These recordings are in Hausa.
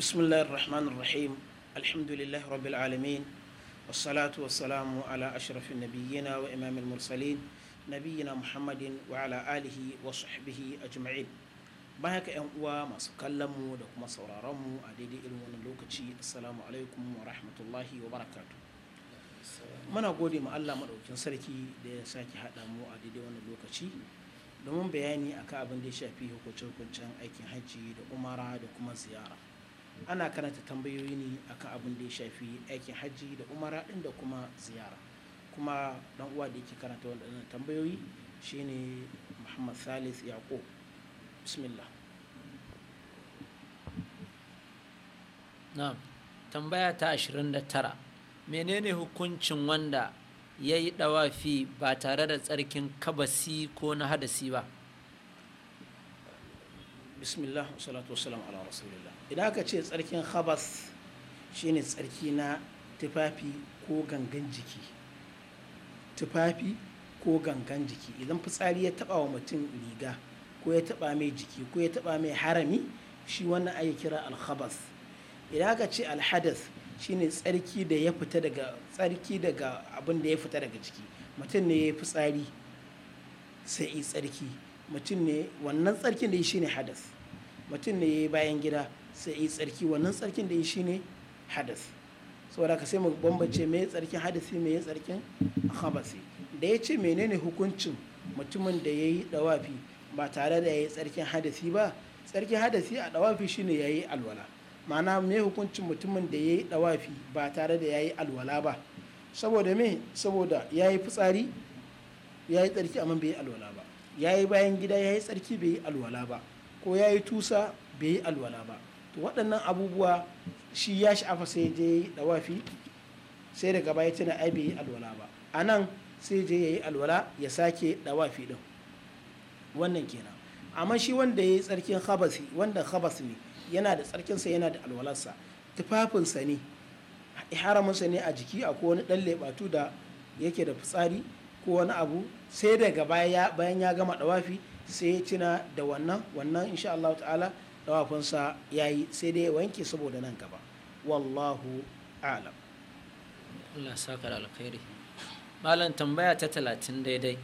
بسم الله الرحمن الرحيم الحمد لله رب العالمين والصلاة والسلام على أشرف النبيين وإمام المرسلين نبينا محمد وعلى آله وصحبه أجمعين بهك أنقوى ما سكلموا لكم سورارموا أديدي إلوان اللوكتشي السلام عليكم ورحمة الله وبركاته من أقول ما الله مدعوكين سركي دي ساكي هدامو أديدي وان اللوكتشي domin bayani akan abin da ya shafi hukuncin aikin hajji da umara da kuma ziyara ana karanta tambayoyi ne akan abin da ya shafi aikin hajji da umara ɗin da kuma ziyara kuma dan uwa da yake karanta waɗannan tambayoyi shine muhammad salis yaqub bismillah na'am tambaya ta 29 menene hukuncin wanda ya yi ɗawafi ba tare da tsarkin kabasi ko na hadasi ba bismillah salatu wasalam ala rasulillah idan aka ce tsarkin habas shine tsarki na tufafi ko gangan jiki tufafi ko gangan jiki idan fitsari ya taba wa mutum riga ko ya taba mai jiki ko ya taba mai harami shi wannan ake kira alhabas idan aka ce alhadas shine tsarki da ya fita daga tsarki daga abin da ya fita daga jiki mutum ne ya yi fitsari sai yi tsarki mutum ne wannan tsarkin da yi shine hadas mutum ne yi bayan gida sai yi tsarki wannan tsarkin da yi shine hadas saboda ka sai mu bambance me tsarkin hadasi me tsarkin habasi da ya ce menene hukuncin mutumin da ya yi dawafi ba tare da ya yi tsarkin hadasi ba tsarkin hadasi a dawafi shine ya yi alwala ma'ana me hukuncin mutumin da ya yi dawafi ba tare da ya yi alwala ba saboda me saboda ya yi fitsari ya yi tsarki amma bai yi alwala ba ya yi bayan gida ya yi tsarki bai yi alwala ba ko ya yi tusa bai yi alwala ba to waɗannan abubuwa shi ya sha'afa sai je yi ɗawafi sai daga baya tana ai bai yi alwala ba a nan sai je ya yi alwala ya sake ɗawafi ɗin wannan kenan amma shi wanda ya yi tsarkin habasi wanda habas ne yana da tsarkinsa yana da alwalarsa tufafinsa ne haraminsa ne a jiki akwai wani ɗan leɓatu da yake da fitsari ko wani abu sai daga baya bayan ya gama dawafi sai ya cina da wannan wannan insha Allah ta'ala dawafinsa ya yi sai dai ya wanke saboda nan gaba wallahu alam Allah saka alkhairi malam tambaya ta talatin daidai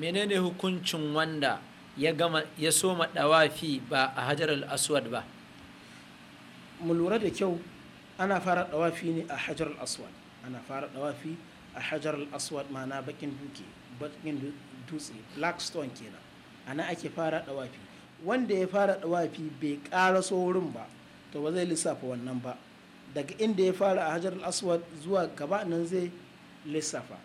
menene hukuncin wanda ya gama ya soma dawafi ba a hajar aswad ba mu lura da kyau ana fara dawafi ne a hajar aswad ana fara dawafi a hajar al-aswad bakin duke bakin dutse black stone kenan ana ake fara dawafi wanda ya fara dawafi bai so wurin ba to ba zai lissafa wannan ba daga inda ya fara a hajar aswad zuwa gaba nan zai lissafa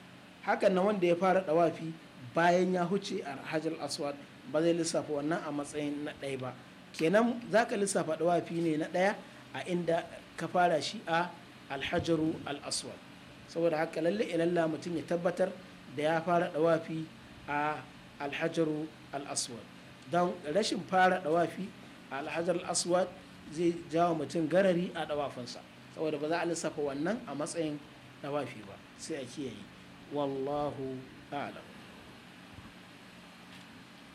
hakan na wanda ya fara dawafi bayan ya huce a hajar aswad ba zai lissafa wannan a matsayin na ɗaya ba kenan za ka lissafa dawafi ne na ɗaya a inda ka fara shi a alhajaru al-aswad saboda haka lalle ilalla mutum ya tabbatar da ya fara dawafi a alhajaru alaswad don rashin fara dawafi a alhajar al-aswad zai jawo mutum garari a dawafinsa saboda ba za a lissafa wannan a matsayin dawafi ba sai a kiyaye wallahu a'lam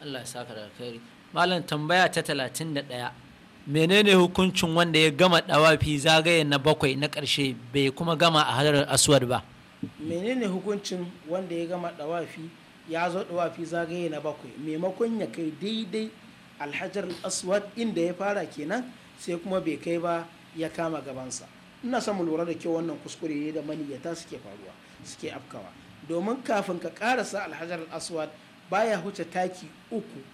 Allah ya saka da alkhairi malam tambaya ta 31 menene hukuncin wanda ya gama dawafi zagaye na bakwai na ƙarshe bai kuma gama a hadarar aswad ba menene hukuncin wanda ya gama dawafi ya zo dawafi zagaye na bakwai maimakon ya kai daidai alhajar aswad inda ya fara kenan sai kuma bai kai ba ya kama gabansa ina son mu lura da kyau wannan kuskure ne da maniyyata suke faruwa suke afkawa domin kafin ka karasa alhajar aswad baya huce taki uku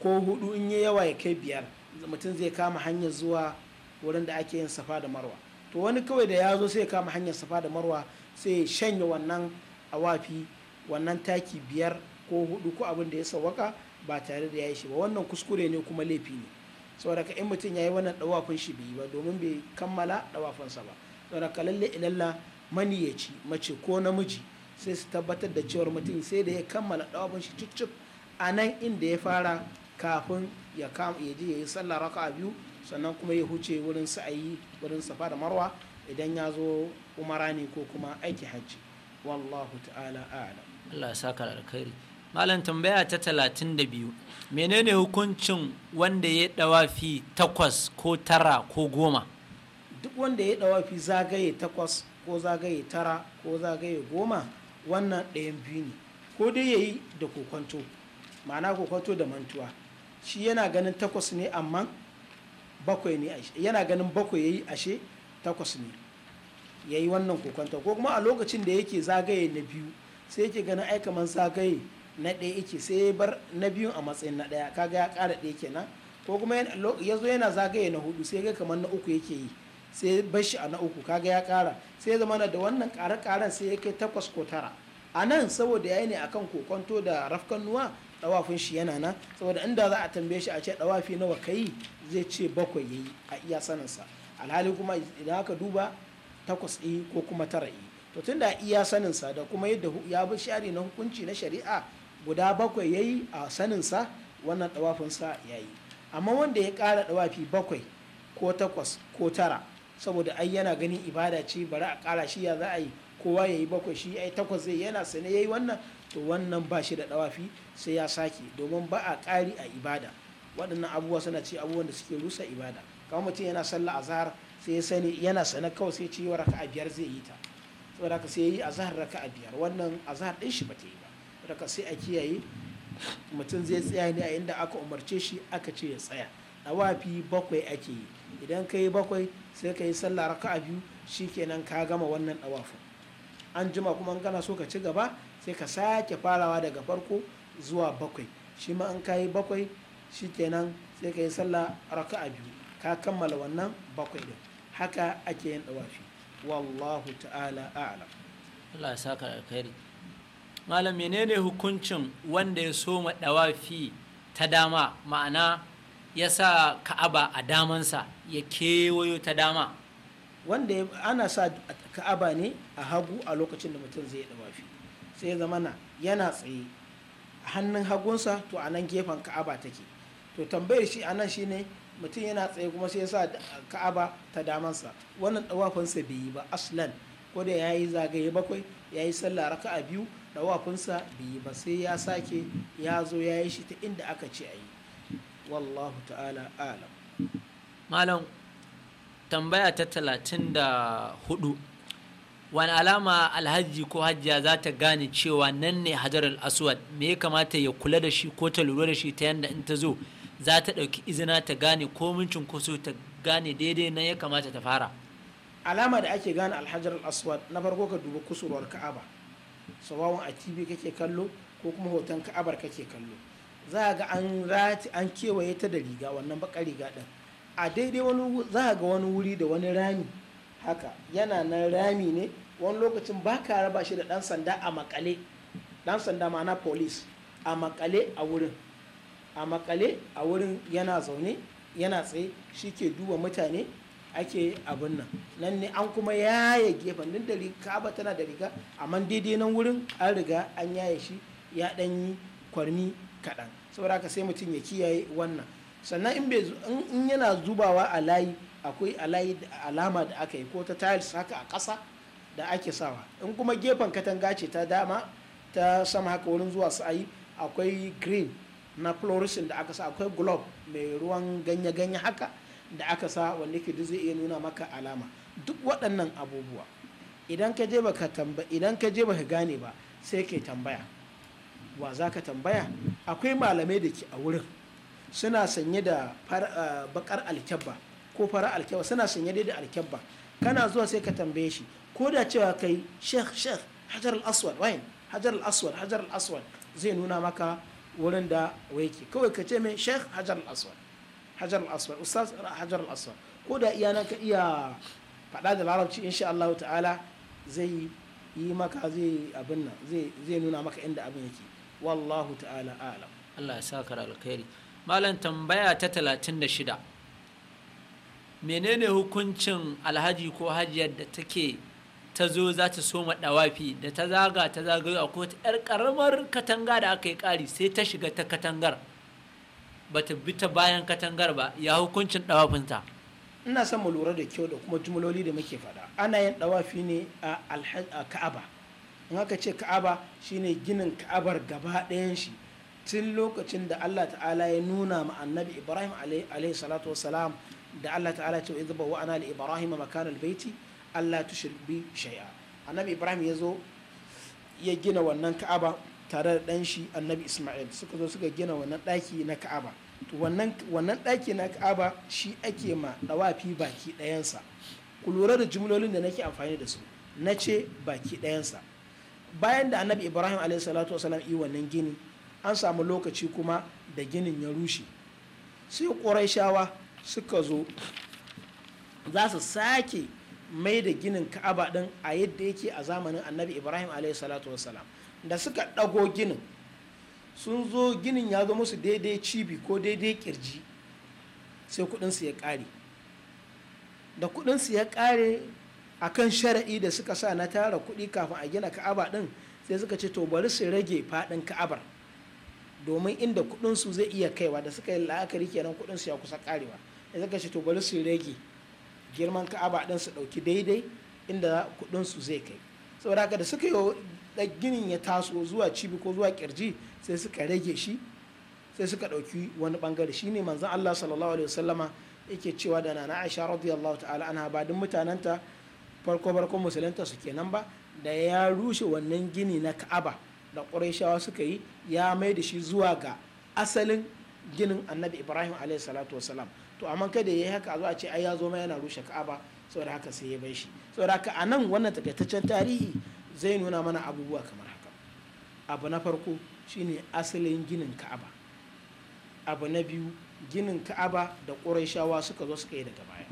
ko hudu in yi yawa ya kai biyar mutum zai kama hanyar zuwa wurin da ake yin safa da marwa to wani kawai da ya zo sai ya kama hanyar safa da marwa sai ya shanya wannan awafi wannan taki biyar ko hudu ko abin da ya sawaka ba tare da ya yi shi ba wannan kuskure ne kuma laifi ne saboda ka in mutum ya yi wannan dawafin shi bai ba domin bai kammala dawafinsa ba saboda ka lalle ilalla maniyaci mace ko namiji sai su tabbatar da cewar mutum sai da ya kammala dawafin shi cicif a nan inda ya fara kafin ya kama ya je ya yi sallah raka biyu sannan kuma ya huce wurin sa'ayi wurin safa da marwa idan ya zo umara ne ko kuma aiki hajji wallahu ta'ala a'lam Allah saka alkhairi malam tambaya ta talatin da biyu menene hukuncin wanda ya dawafi takwas ko tara ko goma duk wanda ya dawafi zagaye takwas ko zagaye tara ko zagaye goma wannan ɗayan biyu ne ko dai ya yi da kokwanto ma'ana kokwanto da mantuwa shi yana ganin takwas ne amma bakwai ne ashe yana ganin bakwai yayi ashe takwas ne yayi wannan kokonta ko kuma a lokacin da yake zagaye na biyu sai yake ganin ai kaman zagaye na ɗaya yake sai ya bar na biyu a matsayin na ɗaya kaga ya ƙara ɗaya kenan ko kuma ya zo yana zagaye na hudu sai ga kamar na uku yake yi sai bar shi a na uku kaga ya ƙara sai zama da wannan ƙare-ƙaren sai ya kai takwas ko tara a nan saboda ya yi ne akan kokonto da rafkan nuwa. dawafin shi yana nan saboda inda za a tambaye shi a ce dawafi nawa kai zai ce bakwai yayi a iya saninsa alhali kuma idan aka duba takwas ɗi ko kuma tara yi to tunda iya saninsa da kuma yadda ya bi shari na hukunci na shari'a guda bakwai yayi a saninsa wannan dawafinsa yayi amma wanda ya kara dawafi bakwai ko takwas ko tara saboda ai yana ganin ibada ce bari a ƙara shi ya za a yi kowa ya yi bakwai shi ai takwas zai yana sane ya yi wannan to wannan ba shi da dawafi sai ya sake domin ba a ƙari a ibada waɗannan abubuwa suna ce abubuwan da suke rusa ibada kamar mutum yana sallah azhar sai ya sani yana sana kawai sai ce raka a biyar zai yi ta saboda ka sai ya yi azhar raka a biyar wannan azhar ɗin shi ba ta yi ba raka sai a kiyaye mutum zai tsaya ne a inda aka umarce shi aka ce ya tsaya dawafi bakwai ake yi idan ka yi bakwai sai ka yi sallah raka a biyu shikenan ka gama wannan dawafin an jima kuma an gana so ka ci gaba sai ka sake farawa daga farko zuwa bakwai shi ma in kayi bakwai shi kenan sai ka yi sallah raka a biyu ka kammala wannan bakwai din haka ake yin dawafi wallahu ta'ala a'ala Allah ya saka alkhairi malam menene hukuncin wanda ya soma dawafi ta dama ma'ana ya sa ka'aba a damansa ya kewayo ta dama wanda ana sa ka'aba ne a hagu a lokacin da mutum zai yi dawafi sai zama na yana tsaye a hannun hagunsa to a nan gefen ka'aba take to tambayar shi a nan shi ne mutum yana tsaye kuma sai ya sa ka'aba ta damansa wannan dawafinsa bai yi ba aslan ko da ya yi zagaye bakwai ya yi sallah raka'a biyu dawafinsa bai yi ba sai ya sake ya zo ya yi shi ta inda aka ce a yi wallahu ta'ala alam malam tambaya ta talatin da hudu wani alama alhaji ko hajjiya za ta gane cewa nan ne hajar aswad me ya kamata ya kula da shi ko ta lura da shi ta yadda in ta zo za ta ɗauki izina ta gane ko ko cunkoso ta gane daidai nan ya kamata ta fara alama da ake gane alhajar aswad na farko ka duba kusurwar ka'aba sawawan a tv kake kallo ko kuma hoton ka'abar kake kallo za ga an rati an kewaye ta da riga wannan baka riga din a daidai wani za ga wani wuri da wani rami haka yana nan rami ne wani lokacin ba ka raba shi da ɗan sanda a makale ɗan sanda ma'ana police a makale a wurin a makale a wurin yana zaune yana tsaye shi ke duba mutane ake abin nan nan ne an kuma yaye gefen din da kaba tana da riga amma daidai nan wurin an riga an yaye shi ya ɗan yi kwarmi kaɗan saboda haka sai mutum ya kiyaye wannan sannan in yana zubawa a layi akwai alama da aka yi ko ta tiles haka a ƙasa da ake sawa in kuma gefen katanga ce ta dama ta sama haka wurin zuwa ayi akwai green na fluorescent da aka sa akwai globe mai ruwan ganye-ganye haka da aka sa wanda ke zai iya nuna maka alama duk waɗannan abubuwa idan ka je ba ka idan ka je ba gane ba sai ka tambaya wa za ka tambaya akwai malamai da ke a wurin suna sanye da bakar eh, alkyabba ko fara alkyabba suna sanye da alkyabba kana zuwa sai ka tambaye shi ko da cewa kai sheikh sheikh hajar al-aswad wayan hajar al-aswad hajar al-aswad zai nuna maka wurin da waiki kawai ka ce mai sheikh hajar al-aswad hajar al-aswad ustaz hajar al-aswad ko da iya ka iya faɗa da larabci insha Allah ta'ala zai yi maka zai abin nan zai nuna maka inda abin yake wallahu ta'ala alam Allah ya saka alkhairi malam tambaya ta 36 menene hukuncin alhaji ko hajiyar da take ta zo za ta soma dawafi da ta zaga ta zagayo a kowace 'yar karamar katanga da aka yi kari sai ta shiga ta katangar ba ta bi ta bayan katangar ba ya hukuncin dawafinta ina son mu lura da kyau da kuma jumloli da muke faɗa ana yin dawafi ne a ka'aba in aka ce ka'aba shine ginin ka'abar gaba ɗayan shi tun lokacin da allah ta'ala ya nuna ma annabi ibrahim alaihi salatu wasalam da Allah ta'ala ce idza bawa ana li ibrahima makanal baiti Allah tushrik bi shay'a annabi ibrahim yazo ya gina wannan ka'aba tare da dan shi annabi isma'il suka zo suka gina wannan daki na ka'aba to wannan wannan daki na ka'aba shi ake ma dawafi baki ɗayansa ku lura da jumlolin da nake amfani da su nace ce baki ɗayansa bayan da annabi ibrahim salatu wasalam yi wannan gini an samu lokaci kuma da ginin ya rushe sai ƙuraishawa suka zo za su sake mai da ginin ka'aba din a yadda yake a zamanin annabi ibrahim a.s. da suka ɗago ginin sun zo ginin ya zo musu daidai cibi ko daidai kirji sai kudinsu ya kare da kudinsu ya kare a kan shara'i da suka sa na tara kuɗi kafin a gina ka'aba din sai suka ce to bari su rage fadin ka'abar domin inda kudinsu zai iya kaiwa da suka yi la'akari kenan kudinsu ya kusa karewa. ka ce to bari su rage girman ka'aba din su dauki daidai inda kudin su zai kai saboda haka da suka yi ginin ya taso zuwa cibi ko zuwa kirji sai suka rage shi sai suka dauki wani bangare shine manzon Allah sallallahu alaihi wasallama yake cewa da nana Aisha radiyallahu ta'ala anha ba duk mutananta farko farko musulunta su kenan ba da ya rushe wannan gini na Ka'aba da Qurayshawa suka yi ya mai da shi zuwa ga asalin ginin Annabi Ibrahim alaihi salatu wasalam to amma kada ya yi haka a zo a ce ai ya zo ma yana rushe ka'aba saboda haka sai ya bai shi saboda haka a nan wannan takaitaccen tarihi zai nuna mana abubuwa kamar haka abu na farko shine asalin ginin ka'aba abu na biyu ginin ka'aba da ƙuraishawa suka zo suka yi daga baya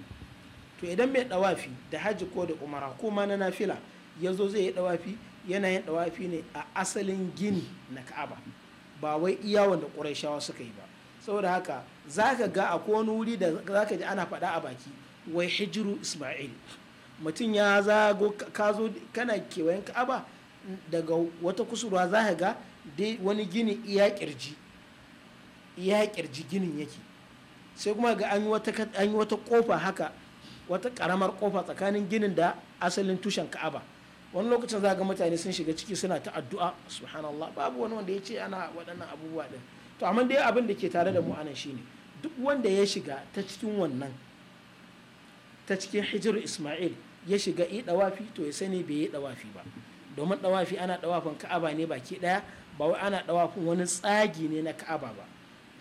to idan mai dawafi da hajji ko da umara ko ma na nafila ya zo zai yi dawafi yana yin dawafi ne a asalin gini na ka'aba ba wai iya wanda ƙuraishawa suka yi ba saboda haka za ka ga a wani wuri da za ka ji ana faɗa a baki wai hijiru isma'il mutum ya zago ka zo kana kewayen ka'aba daga wata kusurwa za ka ga dai wani gini iya kirji iya kirji ginin yake sai kuma ga an yi wata kofa haka wata karamar kofa tsakanin ginin da asalin tushen ka'aba wani lokacin za ga mutane sun shiga ciki suna ta addu'a subhanallah babu wani wanda ya ce ana waɗannan abubuwa ɗin to amma dai abin da ke tare da mu anan shine duk wanda ya shiga ta cikin wannan ta cikin hijir isma'il ya shiga yi dawafi to ya sani bai yi dawafi ba domin dawafi ana dawafin ka'aba ne baki daya ba wai ana dawafin wani tsagi ne na ka'aba ba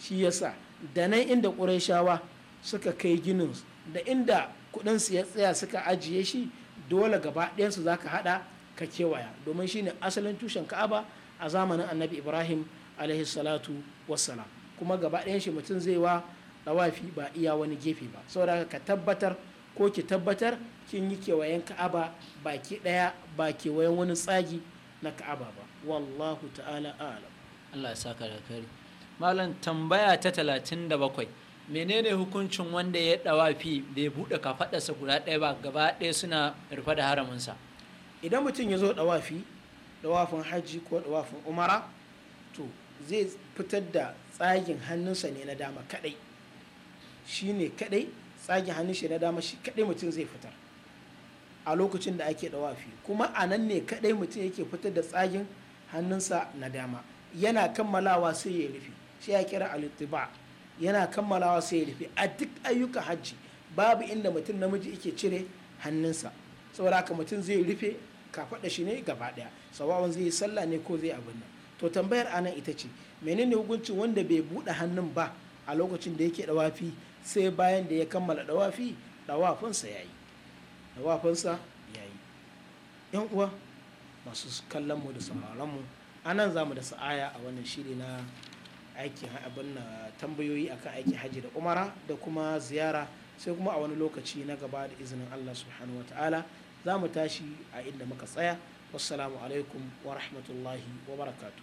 shi yasa da nan inda ƙurayshawa suka kai ginin da inda kudin su ya tsaya suka ajiye shi dole gaba ɗayansu zaka hada ka kewaya domin shine asalin tushen ka'aba a zamanin annabi ibrahim alaihi salatu wassalam kuma gaba ɗayan shi mutum zai wa ɗawafi ba iya wani gefe ba saboda ka tabbatar ko ki tabbatar kin yi kewayen ka'aba baki ɗaya ba kewayen wani tsagi na ka'aba ba wallahu ta'ala a'lam Allah ya saka da kare malam tambaya ta 37 menene hukuncin wanda ya dawafi bai buɗe kafaɗarsa guda ɗaya ba gaba ɗaya suna rufe da haraminsa idan mutum ya zo dawafi dawafin hajji ko dawafin umara to zai fitar da tsagin hannunsa ne na dama kadai shi ne kadai tsagin hannun shi na dama shi kadai mutum zai fitar a lokacin da ake dawafi kuma a nan ne kadai mutum yake fitar da tsagin hannunsa na dama yana kammalawa sai ya rufe shi ya kira alitiba yana kammalawa sai ya rufe a duk ayyukan hajji babu inda mutum namiji yake cire hannunsa saboda haka mutum zai rufe kafaɗa shi ne gaba ɗaya sawawan zai yi sallah ne ko zai abin nan to tambayar anan ita ce menene hukuncin wanda bai buɗe hannun ba a lokacin da yake dawafi sai bayan da ya kammala dawafi dawafinsa yayi dawafinsa yi yan uwa masu kallon mu da sauraron mu anan zamu da sa'aya a wannan shiri na aikin abin na tambayoyi akan aikin hajji da umara da kuma ziyara sai kuma a wani lokaci na gaba da izinin Allah subhanahu wataala za mu tashi a inda muka tsaya wassalamu alaikum wa rahmatullahi wa barakatu.